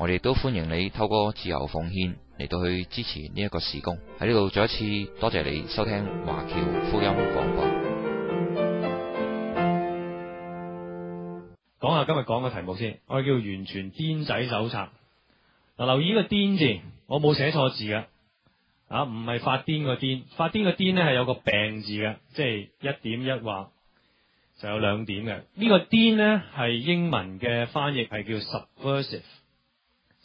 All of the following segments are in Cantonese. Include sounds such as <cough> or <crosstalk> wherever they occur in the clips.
我哋都歡迎你透過自由奉獻嚟到去支持呢一個事工。喺呢度再一次多謝你收聽華僑福音廣播。講下今日講嘅題目先，我哋叫完全癲仔手冊。嗱，留意呢個癲字，我冇寫錯字嘅，啊，唔係發癲個癲，發癲個癲呢係有個病字嘅，即係一點一畫就有兩點嘅。呢個、癲呢個癲呢係英文嘅翻譯係叫 subversive。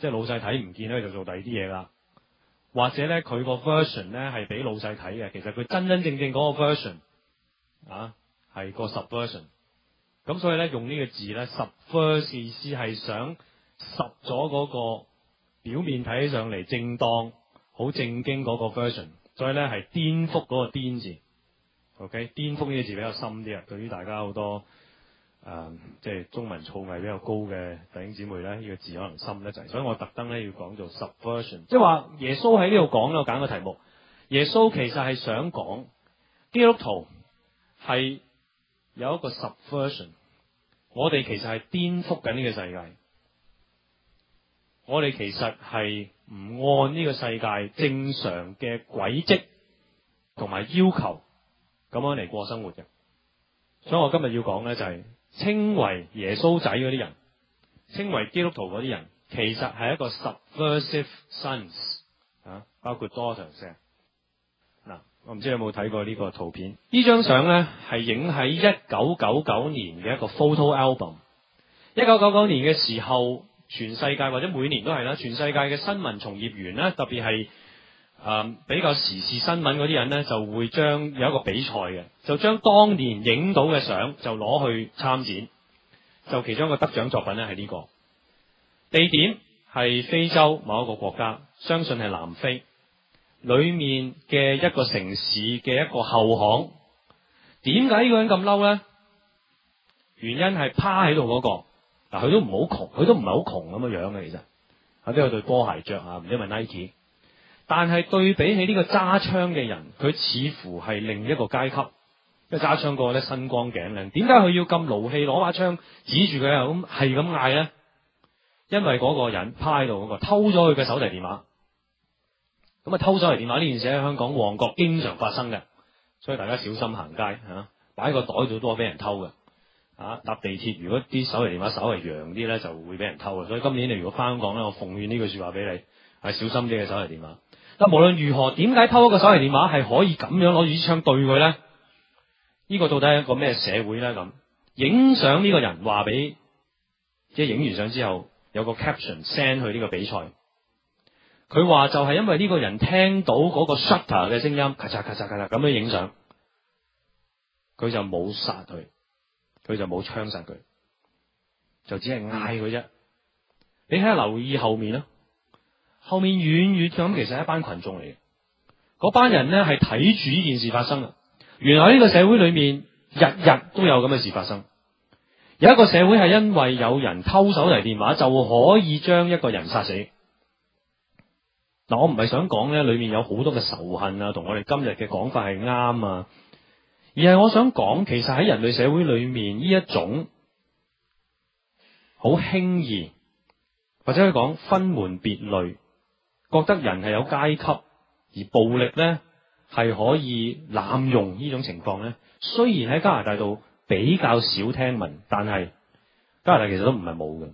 即係老細睇唔見咧，就做第二啲嘢啦。或者咧，佢個 version 咧係俾老細睇嘅，其實佢真真正正個 version 啊，係個 subversion，咁所以咧，用呢個字咧，subversion 意思係想十咗個表面睇起上嚟正當好正經個 version，所以咧係顛覆個顛字。OK，顛覆呢個字比較深啲啊，對於大家好多。誒、嗯，即係中文造詣比較高嘅弟兄姊妹咧，呢、呢個字可能深一啲，所以我特登咧要講做 subversion，即係話耶穌喺呢度講咧，我揀個題目，耶穌其實係想講，基督徒係有一個 subversion，我哋其實係顛覆緊呢個世界，我哋其實係唔按呢個世界正常嘅軌跡同埋要求咁樣嚟過生活嘅，所以我今日要講咧就係、是。稱為耶穌仔嗰啲人，稱為基督徒嗰啲人，其實係一個 subversive sons 啊，包括 daughters，我唔知你有冇睇過呢個圖片？呢張相呢，係影喺一九九九年嘅一個 photo album。一九九九年嘅時候，全世界或者每年都係啦，全世界嘅新聞從業員咧，特別係。啊、嗯，比較時事新聞嗰啲人呢，就會將有一個比賽嘅，就將當年影到嘅相就攞去參展。就其中一個得獎作品呢，係呢、這個地點係非洲某一個國家，相信係南非裏面嘅一個城市嘅一個後巷。點解呢個人咁嬲呢？原因係趴喺度嗰個，嗱、啊，佢都唔好窮，佢都唔係好窮咁樣樣嘅，其實，都、啊、有對波鞋着下，唔、啊、知係 Nike。但係對比起呢個揸槍嘅人，佢似乎係另一個階級。即揸槍嗰個咧，身光頸靚，點解佢要咁勞氣攞把槍指住佢啊？咁係咁嗌呢？因為嗰個人趴喺度嗰個偷咗佢嘅手提電話。咁啊偷手提電話呢件事喺香港旺角經常發生嘅，所以大家小心行街嚇，擺個袋度都係俾人偷嘅。啊，搭、啊、地鐵如果啲手提電話稍微揚啲呢，就會俾人偷嘅。所以今年你如果翻香港呢，我奉勸呢句説話俾你係小心啲嘅手提電話。那無論如何，點解偷一個手提電話係可以咁樣攞住支槍對佢咧？呢、這個到底係一個咩社會咧？咁影相呢個人話俾，即係影完相之後有個 caption send 去呢個比賽，佢話就係因為呢個人聽到個 shutter 嘅聲音，咔嚓咔嚓咔嚓咁樣影相，佢就冇殺佢，佢就冇槍殺佢，就只係嗌佢啫。你睇下留意後面咯。後面遠遠咁，其實係一班群眾嚟嘅。嗰班人呢係睇住呢件事發生啦。原來呢個社會裏面，日日都有咁嘅事發生。有一個社會係因為有人偷手提電話，就可以將一個人殺死。嗱，我唔係想講呢裏面有好多嘅仇恨啊，同我哋今日嘅講法係啱啊。而係我想講，其實喺人類社會裏面，呢一種好輕易，或者可以講分門別類。覺得人係有階級，而暴力呢係可以濫用呢種情況呢，雖然喺加拿大度比較少聽聞，但係加拿大其實都唔係冇嘅。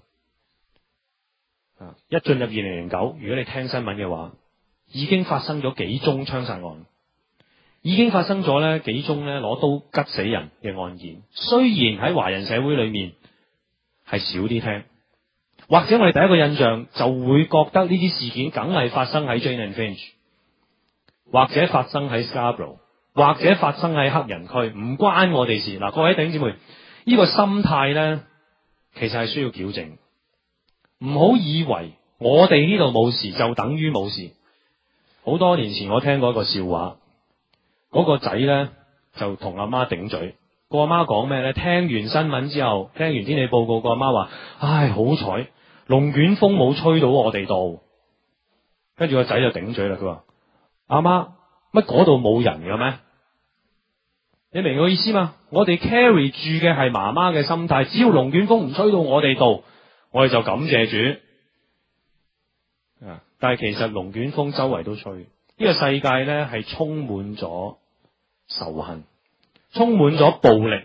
一進入二零零九，如果你聽新聞嘅話，已經發生咗幾宗槍殺案，已經發生咗呢幾宗呢攞刀吉死人嘅案件。雖然喺華人社會裡面係少啲聽。或者我哋第一個印象就會覺得呢啲事件梗係發生喺《Jane and Finch》，或者發生喺《Scarborough》，或者發生喺黑人區，唔關我哋事。嗱，各位弟兄姊妹，呢個心態咧，其實係需要矯正。唔好以為我哋呢度冇事就等於冇事。好多年前我聽過一個笑話，嗰個仔咧就同阿媽頂嘴。個阿媽講咩呢？聽完新聞之後，聽完天氣報告，個阿媽話：唉，好彩龍捲風冇吹到我哋度。跟住個仔就頂嘴啦，佢話：阿媽乜嗰度冇人嘅咩？你明我意思嘛？我哋 carry 住嘅係媽媽嘅心態，只要龍捲風唔吹到我哋度，我哋就感謝主。啊！但係其實龍捲風周圍都吹，呢個世界呢係充滿咗仇恨。充滿咗暴力，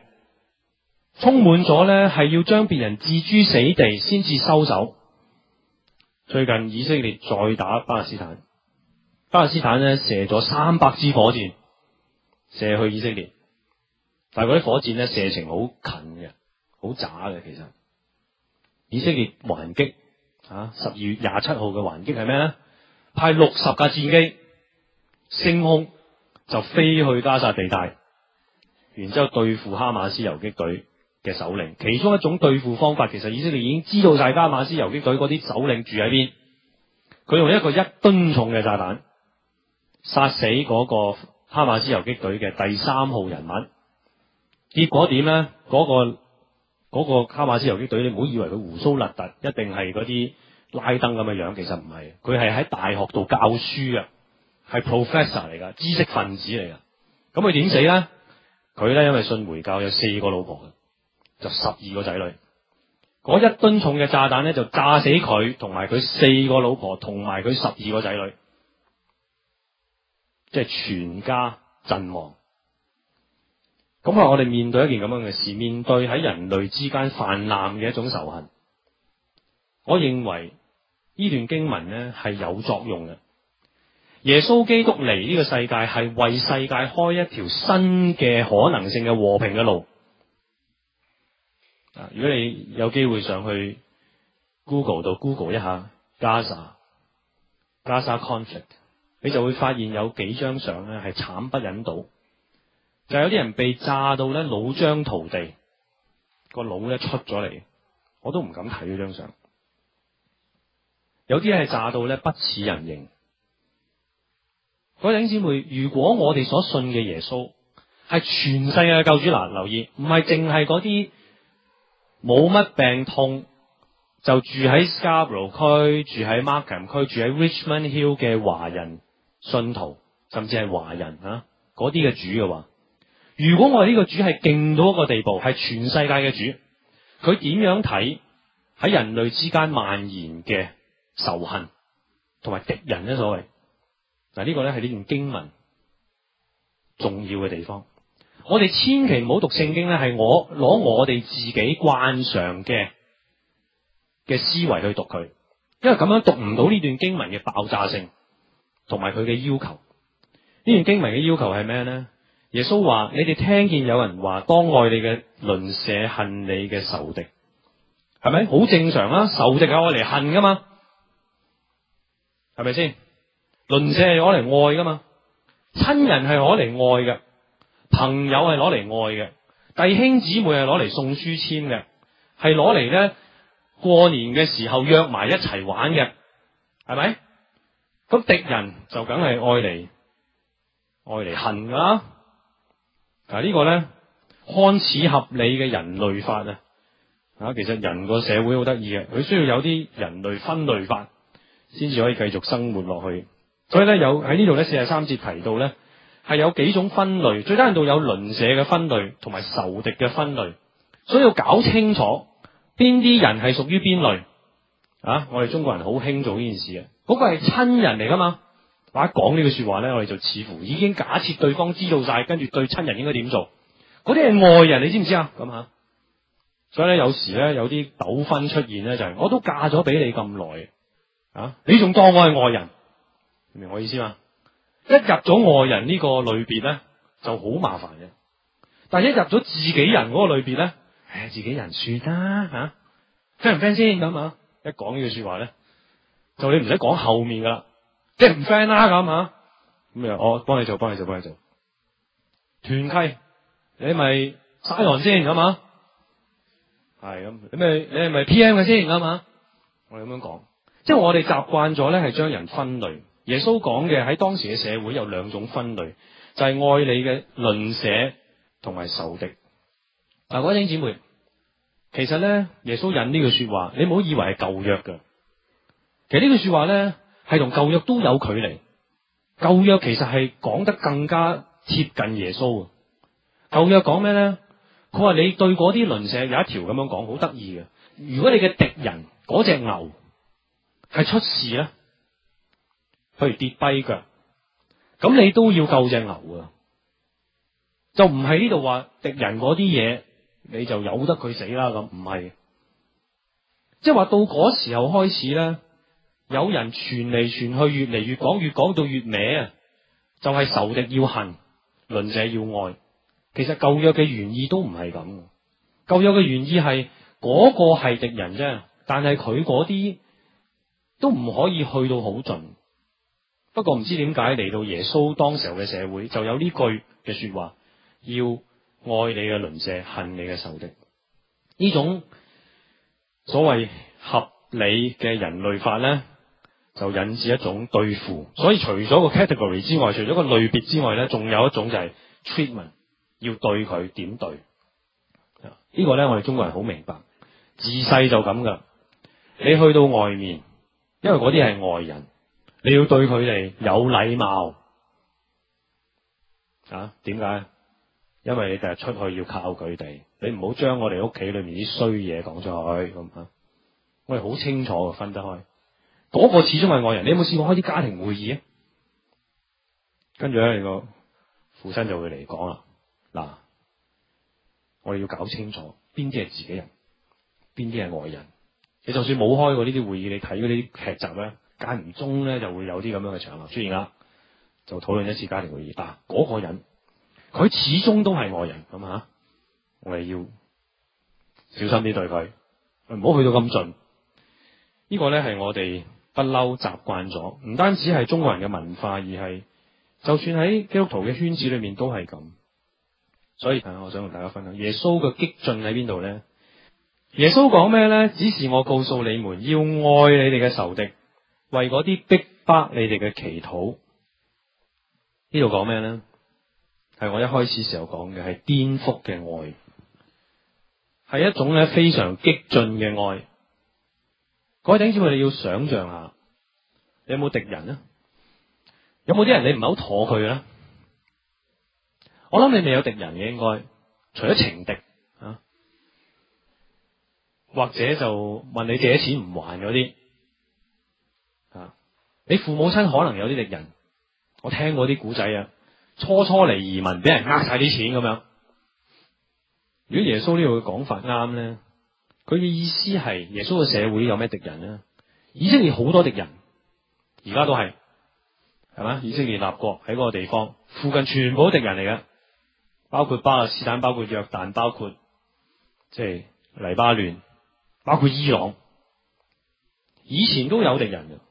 充滿咗咧，係要將別人置諸死地先至收手。最近以色列再打巴勒斯坦，巴勒斯坦咧射咗三百支火箭射去以色列，但係啲火箭咧射程好近嘅，好渣嘅其實。以色列還擊啊，十二月廿七號嘅還擊係咩咧？派六十架戰機升空就飛去加沙地帶。然之後對付哈馬斯游擊隊嘅首領，其中一種對付方法，其實以色列已經知道晒哈馬斯游擊隊嗰啲首領住喺邊。佢用一個一噸重嘅炸彈，殺死嗰個哈馬斯游擊隊嘅第三號人物。結果點呢？嗰、嗰個、嗰個哈馬斯游擊隊，你唔好以為佢鬍鬚立突，一定係嗰啲拉登咁嘅樣，其實唔係。佢係喺大學度教書呀，係 professor 嚟噶，知識分子嚟噶。咁佢點死呢？佢咧因為信回教有四個老婆嘅，就十二個仔女。嗰一噸重嘅炸彈咧就炸死佢，同埋佢四個老婆，同埋佢十二個仔女，即係全家陣亡。咁啊，我哋面對一件咁樣嘅事，面對喺人類之間氾濫嘅一種仇恨，我認為呢段經文咧係有作用嘅。耶穌基督嚟，呢個世界係為世界開一條新嘅可能性嘅和平嘅路。啊，如果你有機會上去 Google 到 Google 一下加沙、加沙衝突，你就會發現有幾張相咧，係慘不忍睹，就是、有啲人被炸到咧腦漿塗地，個腦咧出咗嚟，我都唔敢睇呢張相。有啲係炸到咧不似人形。嗰啲弟兄姊妹，如果我哋所信嘅耶穌係全世界嘅救主，嗱，留意，唔係淨係啲冇乜病痛就住喺 Scarborough 區、住喺 Markham 區、住喺 Richmond Hill 嘅華人信徒，甚至係華人啊，啲嘅主嘅話，如果我哋呢個主係勁到一個地步，係全世界嘅主，佢點樣睇喺人類之間蔓延嘅仇恨同埋敵人咧？所謂？嗱，呢個咧係呢段經文重要嘅地方，我哋千祈唔好讀聖經咧，係我攞我哋自己慣常嘅嘅思維去讀佢，因為咁樣讀唔到呢段經文嘅爆炸性同埋佢嘅要求。呢段經文嘅要求係咩咧？耶穌話：你哋聽見有人話當愛你嘅鄰舍恨你嘅仇敵，是是，係咪？好正常啊，仇敵係攞嚟恨噶嘛，是是，係咪先？鄰舍係攞嚟愛噶嘛，親人係攞嚟愛嘅，朋友係攞嚟愛嘅，弟兄姊妹係攞嚟送書籤嘅，係攞嚟咧過年嘅時候約埋一齊玩嘅，係咪？咁敵人就梗係愛嚟，愛嚟恨噶。嗱，呢個呢，看似合理嘅人類法啊，啊，其實人個社會好得意嘅，佢需要有啲人類分類法，先至可以繼續生活落去。所以咧，有喺呢度咧，四十三節提到咧，係有幾種分類。最低限度有鄰舍嘅分類，同埋仇敵嘅分類。所以要搞清楚邊啲人係屬於邊類啊！我哋中國人好興做呢件事啊！嗰個係親人嚟㗎嘛。話講呢句說話咧，我哋就似乎已經假設對方知道晒，跟住對親人應該點做。嗰啲係外人，你知唔知啊？咁吓。所以咧，有時咧有啲糾紛出現咧，就係我都嫁咗俾你咁耐啊，你仲當我係外人？明我意思嘛？一入咗外人呢個類別咧，就好麻煩嘅。但係一入咗自己人個類別咧，唉、哎，自己人算啦吓，friend 唔 friend 先咁啊？關關一講呢句說話咧，就你唔使講後面噶啦 friend 唔 friend 啦咁啊？咁啊，我幫、 <music> 哦、你做，幫你做，幫你做。團契，你咪晒寒先咁嘛，係咁，你咪你咪 P M 嘅先咁嘛，我哋咁樣講，即係我哋習慣咗咧，係將人分類。耶穌講嘅喺當時嘅社會有兩種分類，就係愛你嘅鄰舍同埋仇敵。嗱，各位兄姊妹，其實呢，耶穌引呢句說話，你唔好以為係舊約噶。其實呢句說話呢，係同舊約都有距離。舊約其實係講得更加貼近耶穌。舊約講咩呢？佢話你對嗰啲鄰舍有一條咁樣講，好得意嘅。如果你嘅敵人嗰隻牛係出事咧？譬如跌跛腳，咁你都要救隻牛啊！就唔喺呢度話敵人嗰啲嘢，你就由得佢死啦咁，唔係。即係話到嗰時候開始呢，有人傳嚟傳去，越嚟越講，越講到越歪啊！就係、是、仇敵要恨，鄰舍要愛。其實舊約嘅原意都唔係咁。舊約嘅原意係嗰、那個係敵人啫，但係佢嗰啲都唔可以去到好盡。不過唔知點解嚟到耶穌當時候嘅社會，就有呢句嘅說話，要愛你嘅鄰舍，恨你嘅仇敵。呢種所謂合理嘅人類法咧，就引致一種對付。所以除咗個 category 之外，除咗個類別之外咧，仲有一種就係 treatment，要對佢點對？這個、呢個咧，我哋中國人好明白，自細就咁噶。你去到外面，因為啲係外人。你要對佢哋有禮貌啊？點解？因為你第日出去要靠佢哋，你唔好將我哋屋企裏面啲衰嘢講出去咁啊！我哋好清楚嘅，分得開。嗰個始終係外人。你有冇試過開啲家庭會議啊？跟住咧，個父親就會嚟講啦。嗱，我哋要搞清楚邊啲係自己人，邊啲係外人。你就算冇開過呢啲會議，你睇嗰啲劇集咧。間唔中咧，就會有啲咁樣嘅場合出現啦。就討論一次家庭會議，但嗰個人佢始終都係外人咁吓，我哋要小心啲對佢，唔好去到咁盡。這個、呢個咧係我哋不嬲習慣咗，唔單止係中國人嘅文化，而係就算喺基督徒嘅圈子裏面都係咁。所以我想同大家分享耶穌嘅激進喺邊度咧？耶穌講咩咧？只是我告訴你們要愛你哋嘅仇敵，為嗰啲逼迫你哋嘅祈禱，呢度講咩咧？係我一開始時候講嘅，係顛覆嘅愛，係一種咧非常激進嘅愛。各位弟兄姊妹，你要想象下，你有冇敵人咧？有冇啲人你唔係好妥佢咧？我諗你未有敵人嘅，應該，除咗情敵啊，或者就問你借錢唔還嗰啲。你父母親可能有啲敵人，我聽過啲古仔啊，初初嚟移民俾人呃晒啲錢咁樣。如果耶穌呢度嘅講法啱咧，佢嘅意思係耶穌嘅社會有咩敵人咧？以色列好多敵人，而家都係係嘛？以色列立國喺嗰個地方，附近全部都敵人嚟嘅，包括巴勒斯坦，包括約旦，包括即係、就是、黎巴嫩，包括伊朗。以前都有敵人嘅。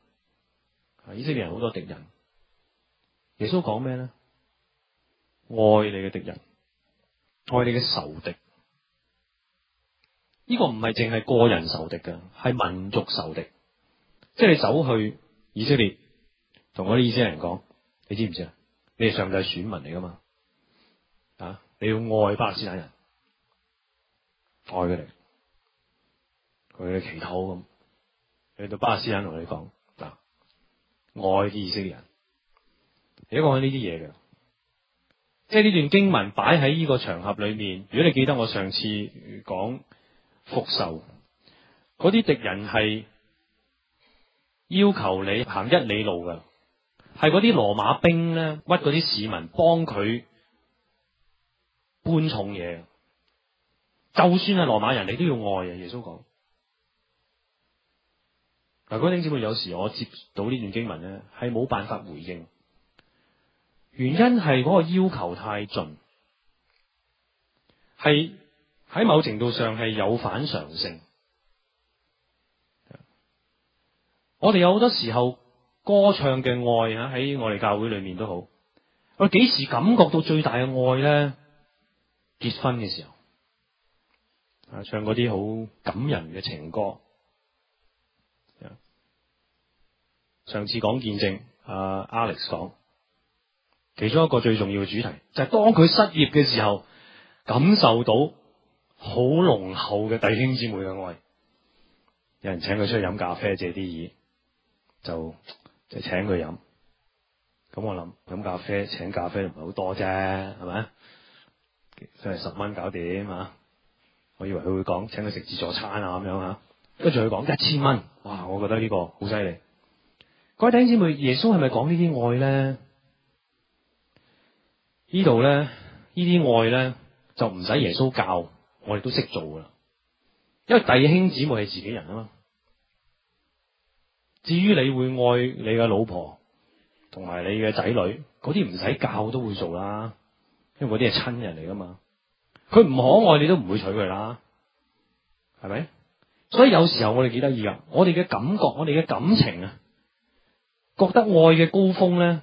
以色列人好多敵人，耶穌講咩咧？愛你嘅敵人，愛你嘅仇敵。呢、這個唔係淨係個人仇敵噶，係民族仇敵。即係你走去以色列，同嗰啲以色列人講，你知唔知啊？你哋上帝係選民嚟噶嘛？啊！你要愛巴勒斯坦人，愛佢哋，佢哋祈禱咁，去到巴勒斯坦同佢哋講。愛啲以色列人，你講緊呢啲嘢嘅，即係呢段經文擺喺呢個場合裏面。如果你記得我上次講復仇，啲敵人係要求你行一里路嘅，係啲羅馬兵咧，屈啲市民幫佢搬重嘢，就算係羅馬人，你都要愛啊！耶穌講。嗱，嗰啲姊妹有時我接到呢段經文咧，係冇辦法回應，原因係嗰個要求太盡，係喺某程度上係有反常性。我哋有好多時候歌唱嘅愛啊，喺我哋教會裏面都好，我幾時感覺到最大嘅愛咧？結婚嘅時候啊，唱嗰啲好感人嘅情歌。上次講見證，阿、uh, Alex 講其中一個最重要嘅主題，就係、是、當佢失業嘅時候，感受到好濃厚嘅弟兄姊妹嘅愛。有人請佢出去飲咖啡，借啲嘢，就就請佢飲。咁我諗飲咖啡請咖啡唔係好多啫，係咪？都係十蚊搞掂。啊。我以為佢會講請佢食自助餐啊咁樣吓，跟住佢講一千蚊，哇！我覺得呢個好犀利。各位弟兄姊妹，耶穌係咪講呢啲愛咧？呢度咧，呢啲愛咧就唔使耶穌教，我哋都識做噶啦。因為弟兄姊妹係自己人啊嘛。至於你會愛你嘅老婆同埋你嘅仔女，嗰啲唔使教都會做啦。因為嗰啲係親人嚟噶嘛。佢唔可愛，你都唔會娶佢啦。係咪？所以有時候我哋幾得意噶，我哋嘅感覺，我哋嘅感情啊。覺得愛嘅高峰呢，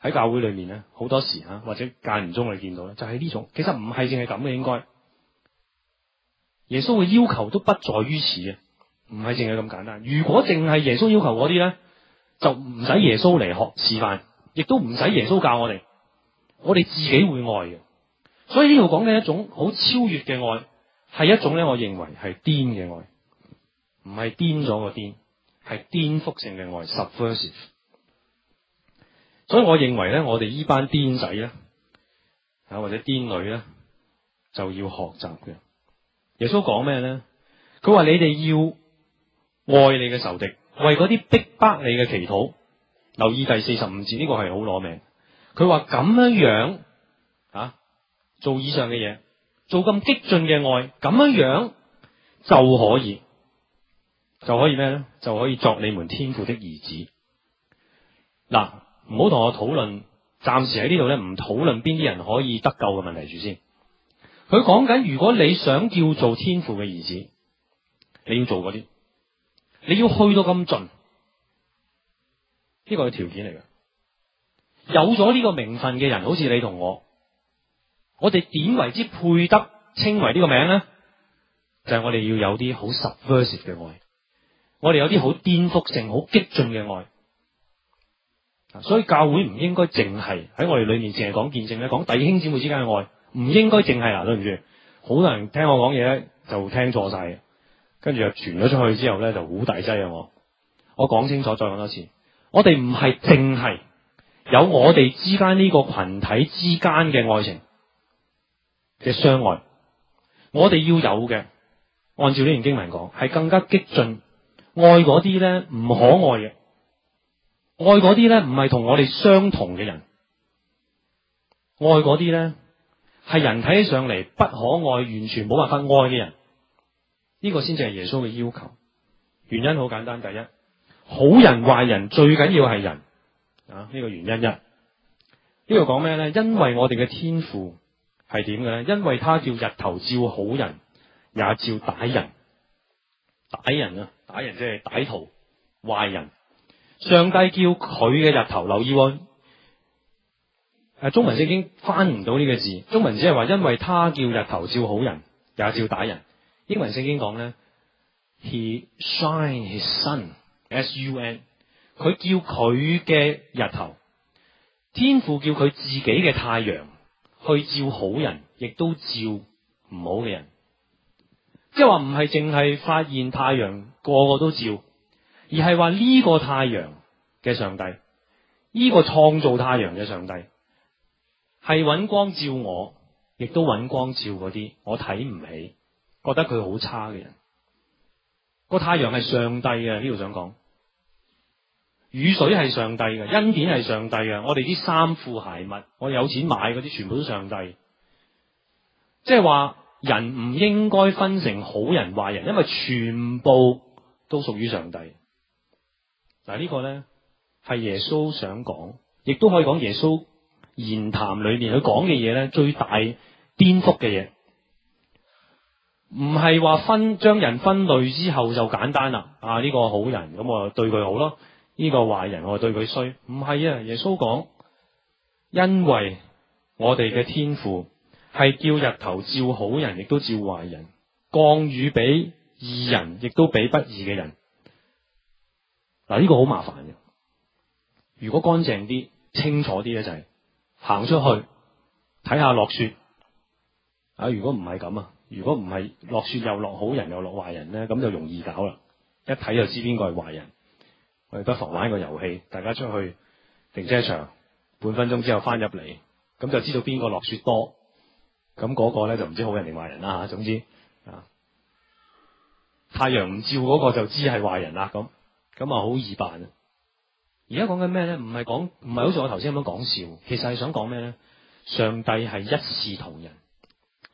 喺教會裏面呢，好多時吓或者間唔中我哋見到呢，就係呢種。其實唔係淨係咁嘅，應該耶穌嘅要求都不在於此啊！唔係淨係咁簡單。如果淨係耶穌要求嗰啲呢，就唔使耶穌嚟學示範，亦都唔使耶穌教我哋，我哋自己會愛嘅。所以呢度講嘅一種好超越嘅愛，係一種呢，我認為係癲嘅愛，唔係癲咗個癲。係顛覆性嘅愛 subversive 所以我認為咧，我哋依班癲仔啊，或者癲女咧，就要學習嘅。耶穌講咩咧？佢話你哋要愛你嘅仇敵，為啲逼迫你嘅祈禱。留意第四十五節，呢個係好攞命。佢話咁樣樣啊，做以上嘅嘢，做咁激進嘅愛，咁樣樣就可以。就可以咩咧？就可以作你們天父的兒子。嗱，唔好同我討論，暫時喺呢度咧，唔討論邊啲人可以得救嘅問題住先。佢講緊，如果你想叫做天父嘅兒子，你要做啲，你要去到咁盡，呢個係條件嚟嘅。有咗呢個名分嘅人，好似你同我，我哋點為之配得稱為呢個名咧？就係、是、我哋要有啲好 subversive 嘅愛。我哋有啲好顛覆性、好激進嘅愛，所以教會唔應該淨係喺我哋裏面淨係講見證咧，講弟兄姊妹之間嘅愛，唔應該淨係，嗱，對唔住，好多人聽我講嘢咧就聽錯晒嘅，跟住又傳咗出去之後呢，就好大劑啊。我我講清楚再講多次，我哋唔係淨係有我哋之間呢個群體之間嘅愛情嘅相愛，我哋要有嘅，按照呢段經文講，係更加激進。愛嗰啲呢，唔可愛嘅，愛嗰啲呢，唔係同我哋相同嘅人，愛嗰啲呢，係人睇起上嚟，不可愛，完全冇辦法愛嘅人，呢個先至係耶穌嘅要求。原因好簡單，第一，好人壞人最緊要係人啊，呢個原因一。呢度講咩呢？因為我哋嘅天父係點嘅呢？因為他叫日頭照好人，也照歹人。歹人啊！歹人即係歹徒、壞人。上帝叫佢嘅日頭留意喎。誒、呃，中文聖經翻唔到呢個字，中文只係話，因為他叫日頭照好人，也照歹人。英文聖經講咧，He shine his sun, s h i n e his sun，S U N。佢叫佢嘅日頭，天父叫佢自己嘅太陽去照好人，亦都照唔好嘅人。即係話唔係淨係發現太陽個個都照，而係話呢個太陽嘅上帝，呢個創造太陽嘅上帝係揾光照我，亦都揾光照嗰啲我睇唔起，覺得佢好差嘅人。個太陽係上帝嘅，呢度想講雨水係上帝嘅，恩典係上帝嘅，我哋啲衫褲鞋襪，我有錢買嗰啲全部都上帝。即係話。人唔應該分成好人壞人，因為全部都屬於上帝。嗱，呢個呢係耶穌想講，亦都可以講耶穌言談裏面佢講嘅嘢呢，最大顛覆嘅嘢，唔係話分將人分類之後就簡單啦。啊，呢個好人，咁我就對佢好咯；呢個壞人，我就對佢衰。唔係啊，耶穌講，因為我哋嘅天父。係叫日頭照好人，亦都照壞人；降雨俾義人，亦都俾不義嘅人。嗱，呢個好麻煩嘅。如果乾淨啲、清楚啲咧，就係、是、行出去睇下落雪。啊，如果唔係咁啊，如果唔係落雪又落好人又落壞人咧，咁就容易搞啦。一睇就知邊個係壞人。我哋不妨玩個遊戲，大家出去停車場，半分鐘之後翻入嚟，咁就知道邊個落雪多。咁嗰個咧就唔知好人定壞人啦吓，總之啊太陽唔照嗰個就知係壞人啦，咁咁啊好易辦。而家講緊咩咧？唔係講唔係好似我頭先咁樣講笑，其實係想講咩咧？上帝係一視同仁，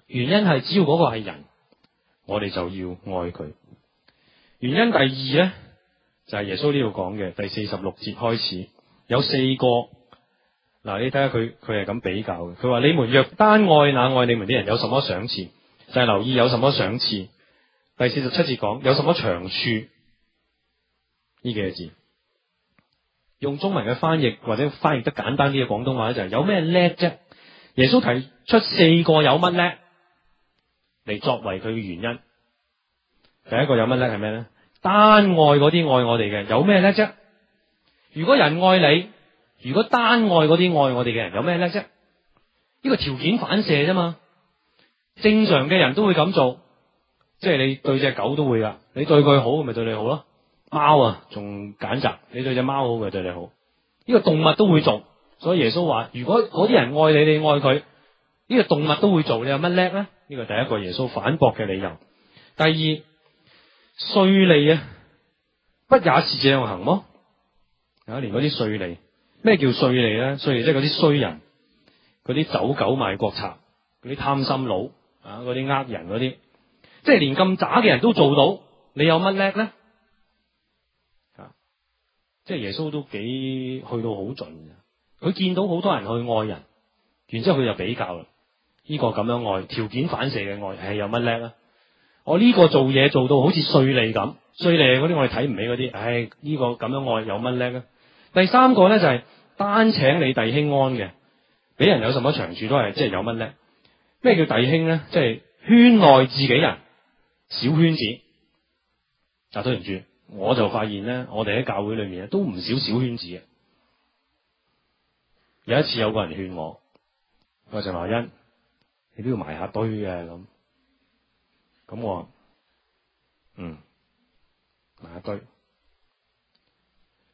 原因係只要嗰個係人，我哋就要愛佢。原因第二咧，就係耶穌呢度講嘅第四十六節開始，有四個。嗱，你睇下佢佢係咁比較嘅。佢話：你們若單愛那愛你們啲人，有什麼賞賜？就係留意有什麼賞賜。第四十七節講有什麼長處，呢幾個字。用中文嘅翻譯或者翻譯得簡單啲嘅廣東話就係有咩叻啫。耶穌提出四個有乜叻嚟作為佢嘅原因。第一個有乜叻係咩咧？單愛嗰啲愛我哋嘅有咩叻啫？如果人愛你。如果單愛嗰啲愛我哋嘅人有咩叻啫？呢個條件反射啫嘛。正常嘅人都會咁做，即係你對隻狗都會噶，你對佢好咪對你好咯。貓啊，仲揀擇，你對隻貓好咪對你好。呢個動物都會做，所以耶穌話：如果嗰啲人愛你，你愛佢，呢個動物都會做，你有乜叻咧？呢個第一個耶穌反駁嘅理由。第二，稅吏啊，不也是這樣行麼？啊？連嗰啲稅吏。咩叫稅吏咧？稅吏即係嗰啲衰人，嗰啲走狗賣國賊，嗰啲貪心佬啊，嗰啲呃人嗰啲，即係連咁渣嘅人都做到，你有乜叻咧？啊，即係耶穌都幾去到好盡，佢見到好多人去愛人，然之後佢就比較啦，呢個咁樣愛條件反射嘅愛係有乜叻咧？我呢個做嘢做到好似稅吏咁，稅吏嗰啲我哋睇唔起嗰啲，唉，呢個咁樣愛有乜叻咧？第三個咧，就係單請你弟兄安嘅，俾人有什麼長處都係即係有乜咧？咩叫弟兄咧？即係圈內自己人，小圈子就對唔住。我就發現咧，我哋喺教會裏面都唔少小圈子嘅。有一次有個人勸我，佢話陳華恩，你都要埋下堆嘅、啊、咁。咁我，我嗯埋下堆。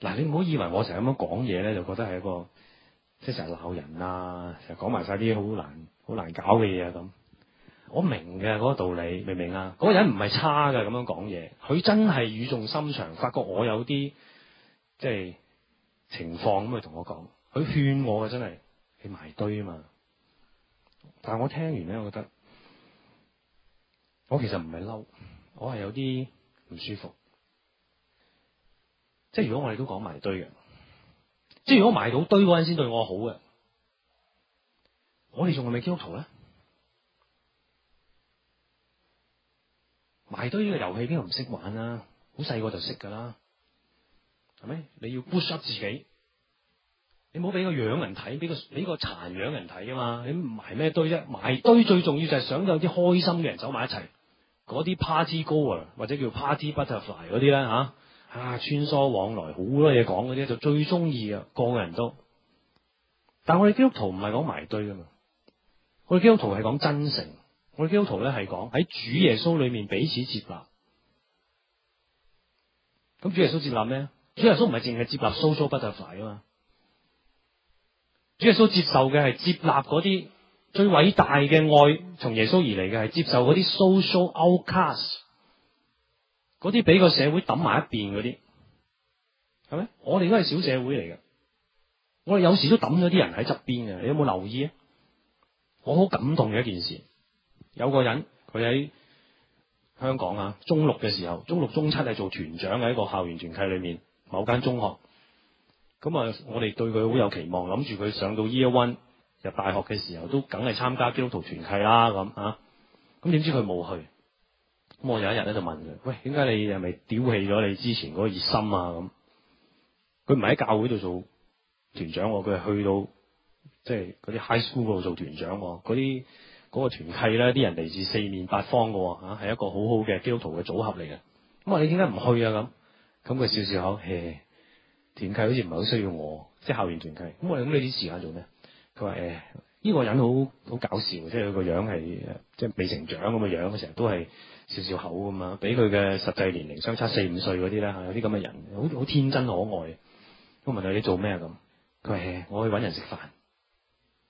嗱，你唔好以為我成日咁樣講嘢咧，就覺得係一個即係成日鬧人啊，成日講埋晒啲好難好難搞嘅嘢啊咁。我明嘅嗰個道理，明唔明啊？嗰個人唔係差嘅咁樣講嘢，佢真係語重心長，發覺我有啲即係情況咁去同我講，佢勸我嘅真係你埋堆啊嘛。但係我聽完咧，我覺得我其實唔係嬲，我係有啲唔舒服。即係如果我哋都講埋堆嘅，即係如果埋到堆嗰陣先對我好嘅，我哋仲係咪基督徒咧？埋堆呢個遊戲邊個唔識玩啦？好細個就識噶啦，係咪？你要 push up 自己，你唔好俾個養、那個、人睇，俾個俾個殘養人睇啊嘛！你唔埋咩堆啫？埋堆最重要就係想有啲開心嘅人走埋一齊，嗰啲 party goer 或者叫 party butterfly 嗰啲咧吓。啊啊！穿梭往來，好多嘢講嘅，啲，就最中意啊！個個人都，但我哋基督徒唔係講埋堆噶嘛，我哋基督徒係講真誠，我哋基督徒咧係講喺主耶穌裏面彼此接納。咁主耶穌接納咩？主耶穌唔係淨係接納 social butterfly 啊嘛，主耶穌接受嘅係接納嗰啲最偉大嘅愛，從耶穌而嚟嘅係接受嗰啲 social outcasts。嗰啲俾個社會抌埋一邊嗰啲，係咪？我哋都係小社會嚟嘅，我哋有時都抌咗啲人喺側邊嘅。你有冇留意啊？我好感動嘅一件事，有個人佢喺香港啊，中六嘅時候，中六中七係做團長喺一個校園團契裏面某間中學。咁啊，我哋對佢好有期望，諗住佢上到 Year One 入大學嘅時候都梗係參加基督徒團契啦咁啊。咁點知佢冇去？咁我有一日咧就問佢：喂，點解你係咪丟棄咗你之前嗰個熱心啊？咁佢唔係喺教會度做團長喎，佢係去到即係嗰啲 high school 度做團長喎。嗰啲嗰個團契咧，啲人嚟自四面八方嘅嚇，係、啊、一個好好嘅基督徒嘅組合嚟嘅。咁我話，你點解唔去啊？咁咁佢笑笑口，嘿，團契好似唔係好需要我，即係校園團契。咁我話：咁你啲時間做咩？佢話：誒、欸，呢、這個人好好搞笑，即係佢個樣係即係未成長咁嘅樣，成日都係。少少口咁啊，俾佢嘅實際年齡相差四五歲嗰啲咧，嚇，有啲咁嘅人，好好天真可愛。我問佢：你做咩啊？咁佢話：我去揾人食飯。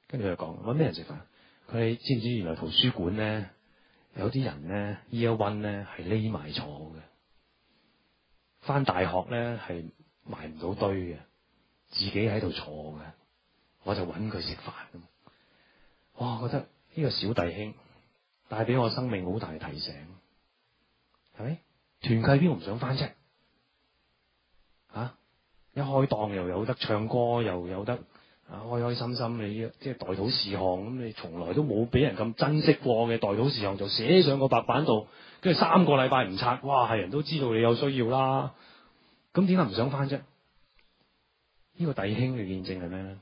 跟住佢講：揾咩人食飯？佢知唔知原來圖書館咧有啲人咧，year one 咧係匿埋坐嘅，翻大學咧係埋唔到堆嘅，自己喺度坐嘅，我就揾佢食飯。哇！覺得呢個小弟兄帶俾我生命好大提醒。係咪？團契邊個唔想翻啫？吓、啊！一開檔又有得唱歌，又有得啊，開開心心你即係代禱事項咁，你從來都冇俾人咁珍惜過嘅代禱事項就寫上個白板度，跟住三個禮拜唔擦，哇！係人都知道你有需要啦。咁點解唔想翻啫？呢、這個弟兄嘅見證係咩咧？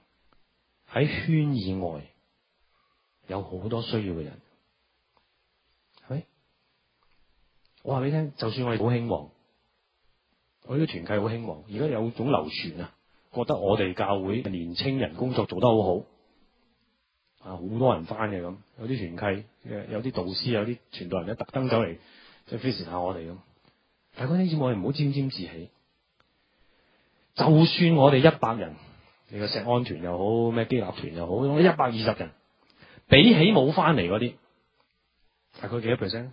喺圈以外有好多需要嘅人。我話俾你聽，就算我哋好興旺，我啲團契好興旺，而家有種流傳啊，覺得我哋教會年青人工作做得好好，啊好多人翻嘅咁，有啲團契，誒有啲導師，有啲傳道人咧特登走嚟，即係 visit 下我哋咁。但係嗰啲我哋唔好沾沾自喜。就算我哋一百人，你個食安團又好，咩基立團又好，一百二十人，比起冇翻嚟嗰啲，大概幾多 percent？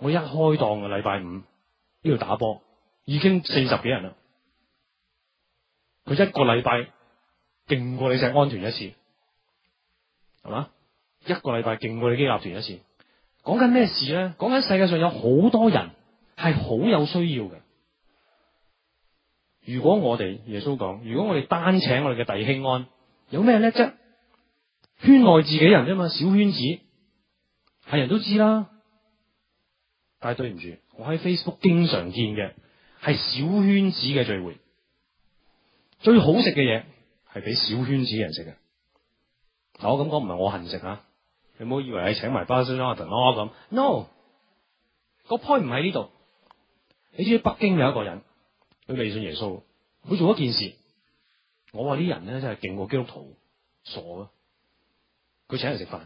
我一開檔嘅禮拜五，呢度打波已經四十幾人啦。佢一個禮拜勁過你隻安團一次，係嘛？一個禮拜勁過你基立團一次。講緊咩事咧？講緊世界上有好多人係好有需要嘅。如果我哋，耶穌講，如果我哋單請我哋嘅弟兄安，有咩咧啫？圈內自己人啫嘛，小圈子，係人都知啦。但係對唔住，我喺 Facebook 經常見嘅係小圈子嘅聚會，最好食嘅嘢係俾小圈子嘅人食嘅。我咁講唔係我恨食吓，你唔好以為係請埋巴沙沙頓啦咁。No，個 point 唔喺呢度。你知北京有一個人，佢未信耶穌，佢做一件事，我話啲人咧真係勁過基督徒，傻啊！佢請人食飯，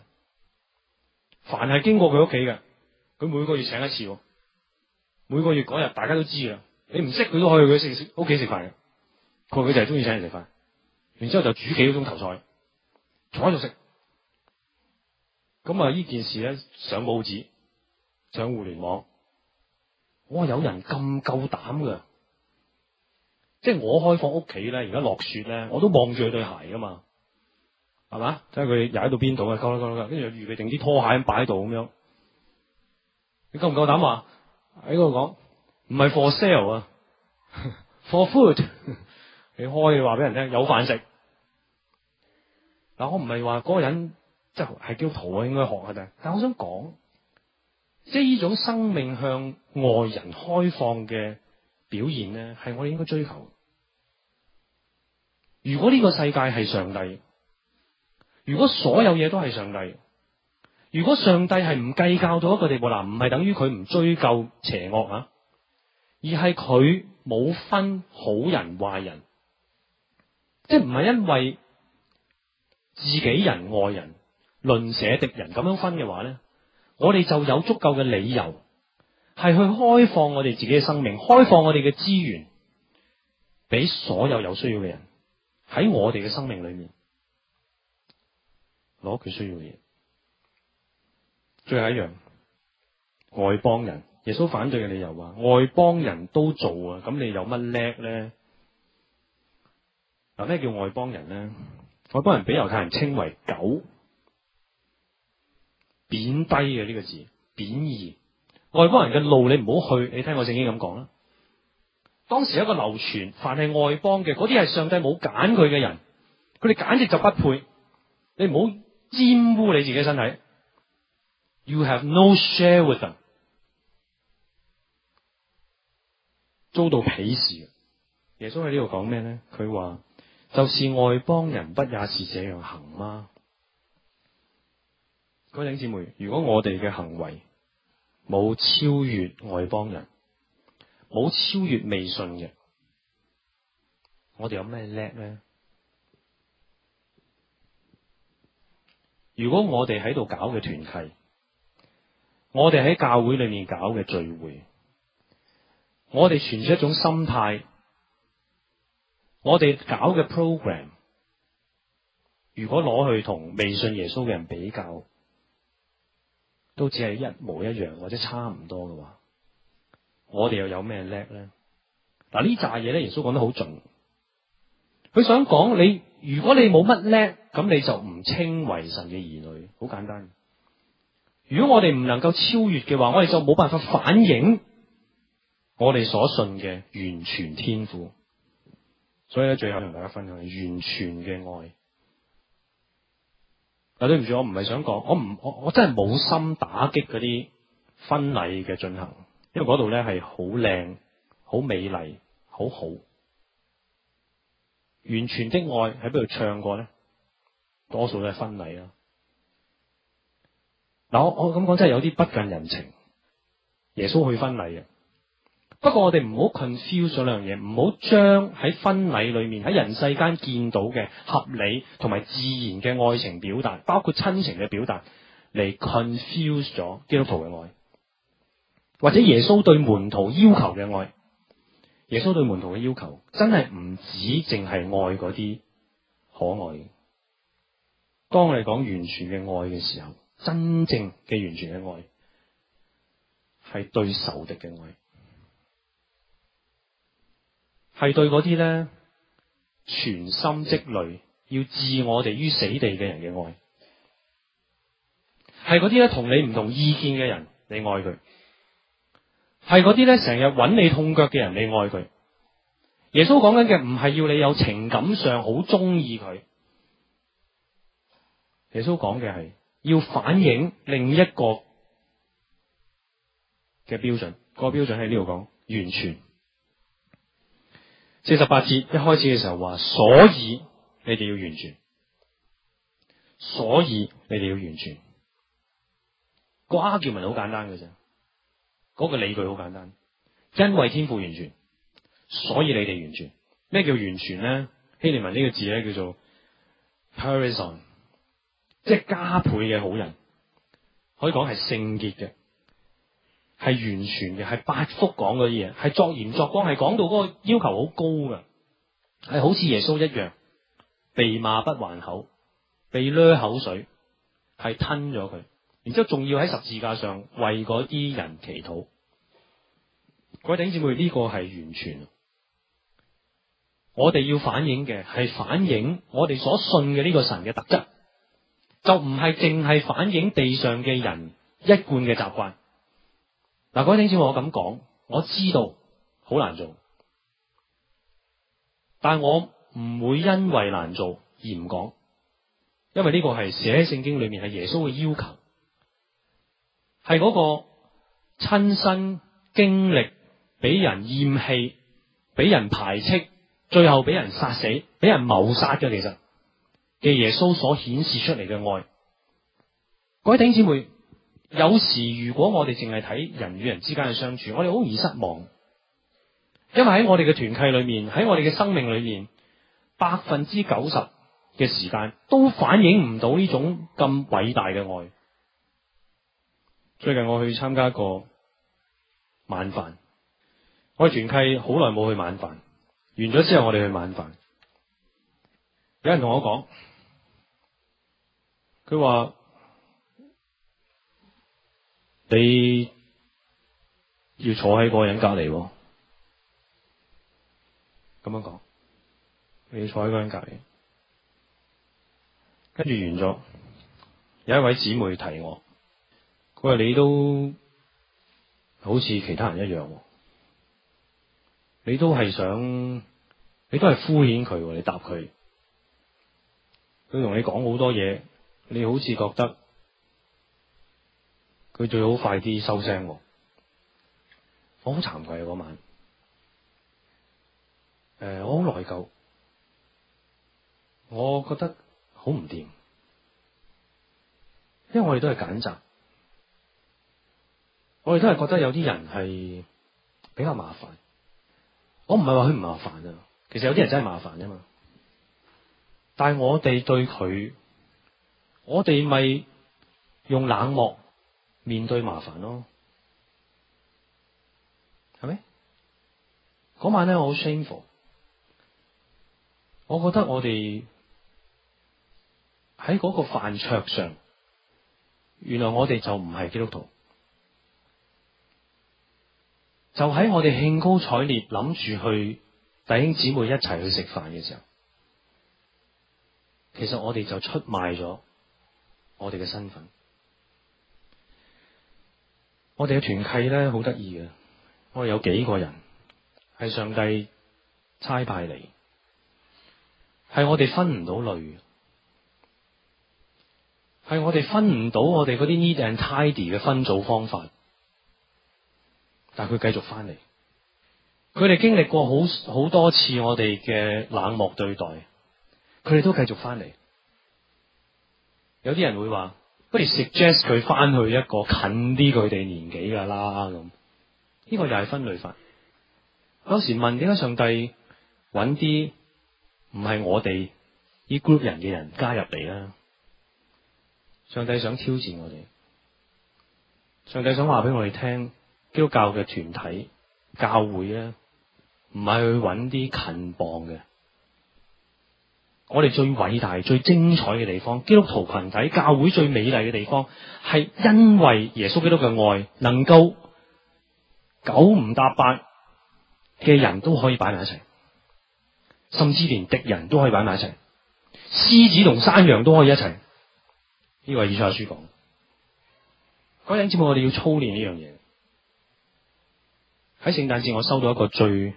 凡係經過佢屋企嘅。佢每個月請一次喎，每個月嗰日大家都知嘅，你唔識佢都可以去佢食食屋企食飯嘅，佢話佢就係中意請人食飯，然之後就煮幾個鐘頭菜，坐喺度食。咁啊，呢件事咧上報紙，上互聯網，我話有人咁夠膽嘅，即係我開放屋企咧，而家落雪咧，我都望住佢對鞋嘅嘛，係嘛？即係佢踩到邊度嘅，溝啦，跟住預備定啲拖鞋咁擺喺度咁樣。你夠唔夠膽話喺度講？唔係 for sale 啊 <laughs> ，for food <laughs> 你。你可以話俾人聽有飯食。嗱，我唔係話嗰個人即係叫徒應該學嘅啫。但係我想講，即係呢種生命向外人開放嘅表現咧，係我哋應該追求。如果呢個世界係上帝，如果所有嘢都係上帝。如果上帝係唔計較到一個地步嗱，唔係等於佢唔追究邪惡啊，而係佢冇分好人壞人，即係唔係因為自己人外人，鄰舍敵人咁樣分嘅話咧，我哋就有足夠嘅理由係去開放我哋自己嘅生命，開放我哋嘅資源，俾所有有需要嘅人喺我哋嘅生命裏面攞佢需要嘅嘢。最後一樣，外邦人，耶穌反對嘅理由話：外邦人都做啊，咁你有乜叻呢？嗱，咩叫外邦人呢？外邦人俾猶太人稱為狗，貶低嘅呢個字，貶義。外邦人嘅路你唔好去，你聽我正經咁講啦。當時一個流傳，凡係外邦嘅嗰啲係上帝冇揀佢嘅人，佢哋簡直就不配，你唔好沾污你自己身體。You have no share with them，遭到鄙視，耶穌喺呢度講咩呢？佢話，就是外邦人不也是這樣行嗎？各位弟兄姊妹，如果我哋嘅行為冇超越外邦人，冇超越未信嘅，我哋有咩叻呢？如果我哋喺度搞嘅團契，我哋喺教會裏面搞嘅聚會，我哋存住一種心態，我哋搞嘅 program，如果攞去同未信耶穌嘅人比較，都只係一模一樣或者差唔多嘅話，我哋又有咩叻呢？嗱呢扎嘢咧，耶穌講得好重，佢想講你，如果你冇乜叻，咁你就唔稱為神嘅兒女，好簡單。如果我哋唔能夠超越嘅話，我哋就冇辦法反映我哋所信嘅完全天賦。所以咧，最後同大家分享完全嘅愛。啊，對唔住，我唔係想講，我唔我我真係冇心打擊嗰啲婚禮嘅進行，因為嗰度呢係好靚、好美麗、好好。完全的愛喺邊度唱過呢？多數都係婚禮啦。嗱，我我咁講真係有啲不近人情。耶穌去婚禮嘅，不過我哋唔好 confuse 咗兩樣嘢，唔好將喺婚禮裏面喺人世間見到嘅合理同埋自然嘅愛情表達，包括親情嘅表達，嚟 confuse 咗基督徒嘅愛，或者耶穌對門徒要求嘅愛，耶穌對門徒嘅要求真係唔止淨係愛啲可愛嘅，當我哋講完全嘅愛嘅時候。真正嘅完全嘅愛，係對仇敵嘅愛，係對嗰啲呢全心積慮，要置我哋於死地嘅人嘅愛，係嗰啲咧同你唔同意見嘅人，你愛佢；係嗰啲咧成日揾你痛腳嘅人，你愛佢。耶穌講緊嘅唔係要你有情感上好中意佢，耶穌講嘅係。要反映另一個嘅標準，個標準喺呢度講完全。四十八節一開始嘅時候話，所以你哋要完全，所以你哋要完全。個 argument 好簡單嘅啫，嗰個理據好簡單，因為天父完全，所以你哋完全。咩叫完全呢？希臘文呢個字咧叫做 parison。即係加倍嘅好人，可以講係聖潔嘅，係完全嘅，係八福講啲嘢，係作鹽作光，係講到嗰個要求好高嘅，係好似耶穌一樣，被罵不還口，被啐口水，係吞咗佢，然之後仲要喺十字架上為嗰啲人祈禱。各位弟兄姊妹，呢、這個係完全，我哋要反映嘅係反映我哋所信嘅呢個神嘅特質。就唔係淨係反映地上嘅人一貫嘅習慣。嗱，各位弟兄我咁講，我知道好難做，但係我唔會因為難做而唔講，因為呢個係寫喺聖經裏面係耶穌嘅要求，係個親身經歷俾人厭棄、俾人排斥、最後俾人殺死、俾人謀殺嘅，其實。嘅耶穌所顯示出嚟嘅愛，各位弟兄姊妹，有時如果我哋淨係睇人與人之間嘅相處，我哋好易失望，因為喺我哋嘅團契裏面，喺我哋嘅生命裏面，百分之九十嘅時間都反映唔到呢種咁偉大嘅愛。最近我去參加過晚飯，我哋團契好耐冇去晚飯，完咗之後我哋去晚飯，有人同我講。佢話你要坐喺嗰個人隔籬，咁樣講，你要坐喺嗰人隔籬。跟住完咗，有一位姊妹提我，佢話你都好似其他人一樣，你都係想，你都係敷衍佢，你答佢，佢同你講好多嘢。你好似覺得佢最好快啲收聲，我好慚愧啊！嗰晚，誒、呃，我好內疚，我覺得好唔掂，因為我哋都係揀擇，我哋都係覺得有啲人係比較麻煩，我唔係話佢唔麻煩啊，其實有啲人真係麻煩噶嘛，但係我哋對佢。我哋咪用冷漠面對麻煩咯，係咪？嗰晚咧，我好 shameful。我覺得我哋喺嗰個飯桌上，原來我哋就唔係基督徒，就喺我哋興高采烈諗住去弟兄姊妹一齊去食飯嘅時候，其實我哋就出賣咗。我哋嘅身份，我哋嘅團契咧，好得意嘅，我哋有幾個人係上帝差派嚟，係我哋分唔到類，係我哋分唔到我哋嗰啲 need and tidy 嘅分組方法，但佢繼續翻嚟，佢哋經歷過好好多次我哋嘅冷漠對待，佢哋都繼續翻嚟。有啲人會話不如 suggest 佢，翻去一個近啲佢哋年紀噶啦咁，呢、這個又係分類法。有時問點解上帝揾啲唔係我哋呢 group 人嘅人加入嚟咧？上帝想挑戰我哋，上帝想話俾我哋聽，基督教嘅團體教會咧，唔係去揾啲近傍嘅。我哋最偉大、最精彩嘅地方，基督徒群體教會最美麗嘅地方，係因為耶穌基督嘅愛，能夠九唔搭八嘅人都可以擺埋一齊，甚至連敵人都可以擺埋一齊，獅子同山羊都可以一齊。呢、這個係以賽亞書講，嗰陣節目，我哋要操練呢樣嘢。喺聖誕節，我收到一個最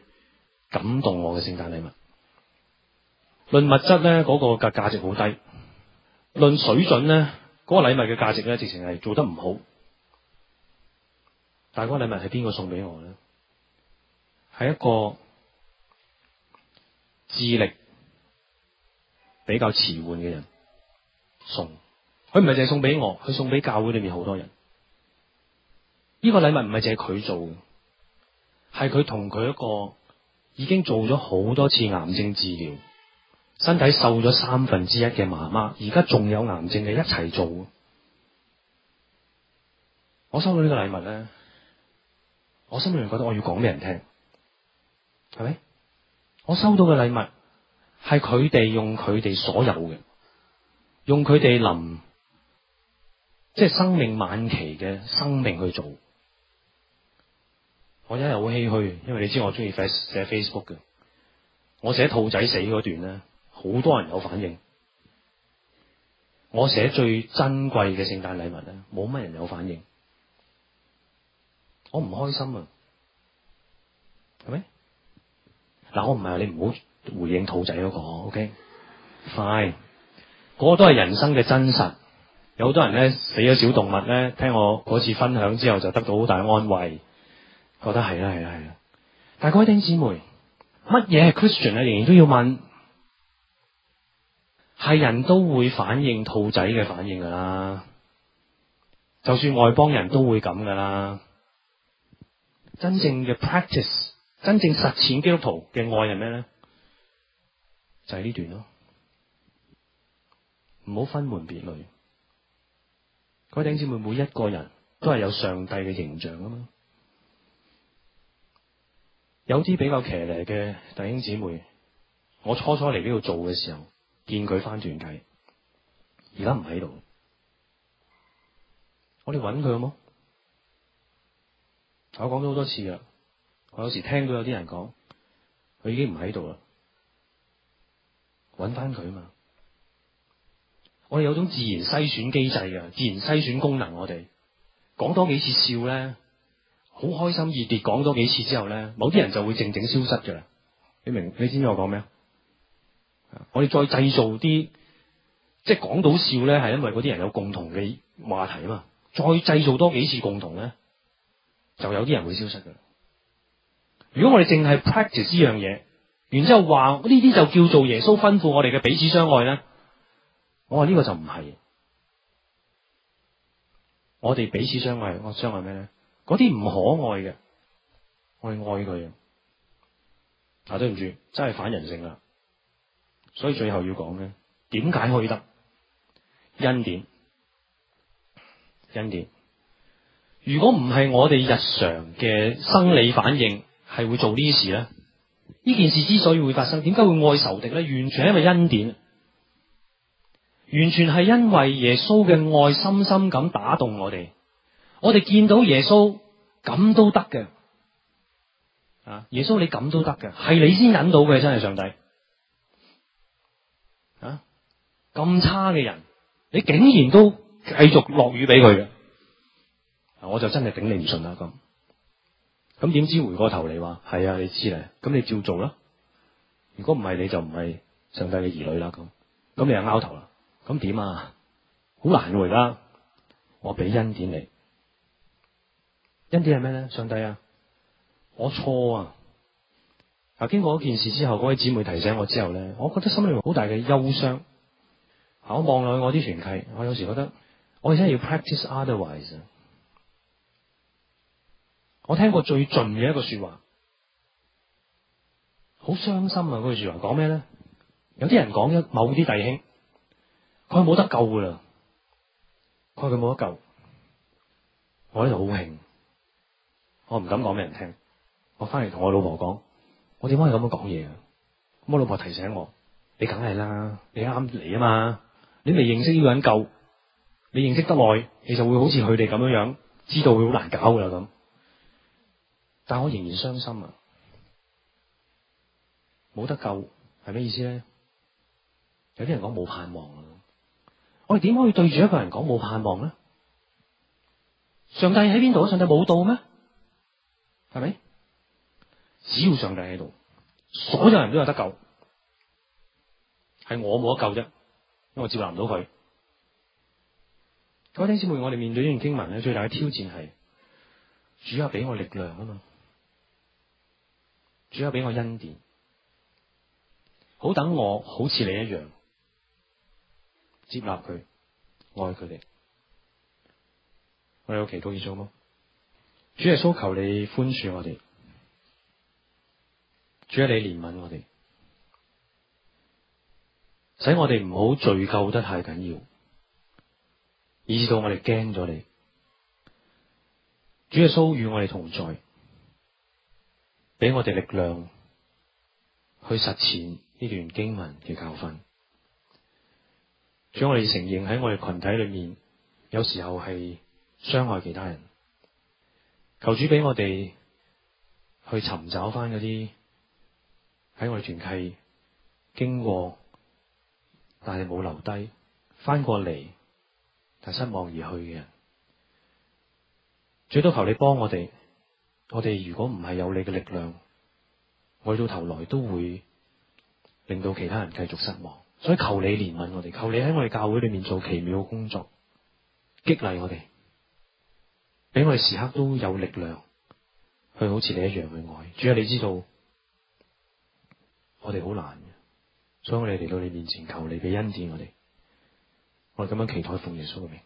感動我嘅聖誕禮物。論物質咧，嗰個嘅價值好低；論水準咧，嗰個禮物嘅價值咧，直情係做得唔好。但係嗰個禮物係邊個送俾我咧？係一個智力比較遲緩嘅人送。佢唔係淨係送俾我，佢送俾教會裏面好多人。呢個禮物唔係淨係佢做嘅，係佢同佢一個已經做咗好多次癌症治療。身體瘦咗三分之一嘅媽媽，而家仲有癌症嘅一齊做。我收到呢個禮物咧，我心裏邊覺得我要講俾人聽，係咪？我收到嘅禮物係佢哋用佢哋所有嘅，用佢哋臨即係生命晚期嘅生命去做。我一日好唏噓，因為你知我中意寫 Facebook 嘅，我寫兔仔死嗰段咧。好多人有反應，我寫最珍貴嘅聖誕禮物咧，冇乜人有反應，我唔開心啊，係咪？嗱，我唔係話你唔好回應兔仔嗰個，OK？Fine，嗰個都係人生嘅真實。有好多人咧，死咗小動物咧，聽我嗰次分享之後就得到好大安慰，覺得係啦係啦係啦。但係各位弟兄姊妹，乜嘢係 Christian 啊？仍然都要問。係人都會反應，兔仔嘅反應噶啦。就算外邦人都會咁噶啦。真正嘅 practice，真正實踐基督徒嘅愛係咩咧？就係、是、呢段咯。唔好分門別類。各位弟兄姊妹，每一個人都係有上帝嘅形象啊嘛。有啲比較騎呢嘅弟兄姊妹，我初初嚟呢度做嘅時候。見佢翻轉計，而家唔喺度，我哋揾佢好冇？我講咗好多次啦，我有時聽到有啲人講，佢已經唔喺度啦，揾翻佢啊嘛！我哋有種自然篩選機制嘅，自然篩選功能我，我哋講多幾次笑咧，好開心，熱跌講多幾次之後咧，某啲人就會靜靜消失嘅啦。你明？你知我講咩？我哋再製造啲，即係講到笑咧，係因為啲人有共同嘅話題啊嘛。再製造多幾次共同咧，就有啲人會消失喇。如果我哋淨係 practice 呢樣嘢，然之後話呢啲就叫做耶穌吩咐我哋嘅彼此相愛咧，我話呢個就唔係。我哋彼此相愛，我相愛咩咧？啲唔可愛嘅，我哋愛佢啊！啊，對唔住，真係反人性喇！所以最後要講咧，點解可以得恩典？恩典。如果唔係我哋日常嘅生理反應係會做呢啲事咧，呢件事之所以會發生，點解會愛仇敵咧？完全係因為恩典，完全係因為耶穌嘅愛深深咁打動我哋。我哋見到耶穌咁都得嘅，啊，耶穌你咁都得嘅，係你先忍到嘅，真係上帝。咁差嘅人，你竟然都繼續落雨俾佢嘅，我就真係頂你唔順啦！咁，咁點知回過頭嚟話係啊，你知咧，咁你照做啦。如果唔係你就唔係上帝嘅兒女啦。咁，咁你又拗頭啦。咁點啊？好難回，而家我俾恩典你，恩典係咩咧？上帝啊，我錯啊！啊，經過一件事之後，嗰位姊妹提醒我之後咧，我覺得心裏好大嘅憂傷。我望落去我啲傳契，我有時覺得我哋真係要 practice otherwise。我聽過最盡嘅一個說話，好傷心啊！嗰句說話講咩咧？有啲人講咗某啲弟兄，佢冇得救噶啦，佢話佢冇得救。我呢度好興，我唔敢講俾人聽。我翻嚟同我老婆講，我點可以咁樣講嘢啊？我老婆提醒我：「你梗係啦，你啱嚟啊嘛！你未認識呢個人夠，你認識得耐，你就會好似佢哋咁樣樣，知道會好難搞噶啦咁。但係我仍然傷心啊！冇得救係咩意思咧？有啲人講冇盼望啊！我哋點可以對住一個人講冇盼望咧？上帝喺邊度？上帝冇到咩？係咪？只要上帝喺度，所有人都有得救，係我冇得救啫。因為我接納唔到佢。各位弟兄姊妹，我哋面對呢段經文咧，最大嘅挑戰係主啊，俾我力量啊嘛，主啊，俾我恩典，好等我好似你一樣接納佢，愛佢哋。我哋有祈禱要做嗎？主啊，蘇求你寬恕我哋，主啊，你憐憫我哋。使我哋唔好罪疚得太緊要，以至到我哋驚咗你。主耶穌與我哋同在，俾我哋力量去實踐呢段經文嘅教訓。主，我哋承認喺我哋群體裏面，有時候係傷害其他人。求主俾我哋去尋找翻嗰啲喺我哋團契經過，但係冇留低，翻過嚟但失望而去嘅人，最多求你幫我哋。我哋如果唔係有你嘅力量，去到頭來都會令到其他人繼續失望。所以求你憐憫我哋，求你喺我哋教會裏面做奇妙嘅工作，激勵我哋，俾我哋時刻都有力量去好似你一樣去愛。主啊，你知道我哋好難。所以我哋嚟到你面前，求你俾恩典我哋，我哋咁樣期待，奉耶穌嘅名。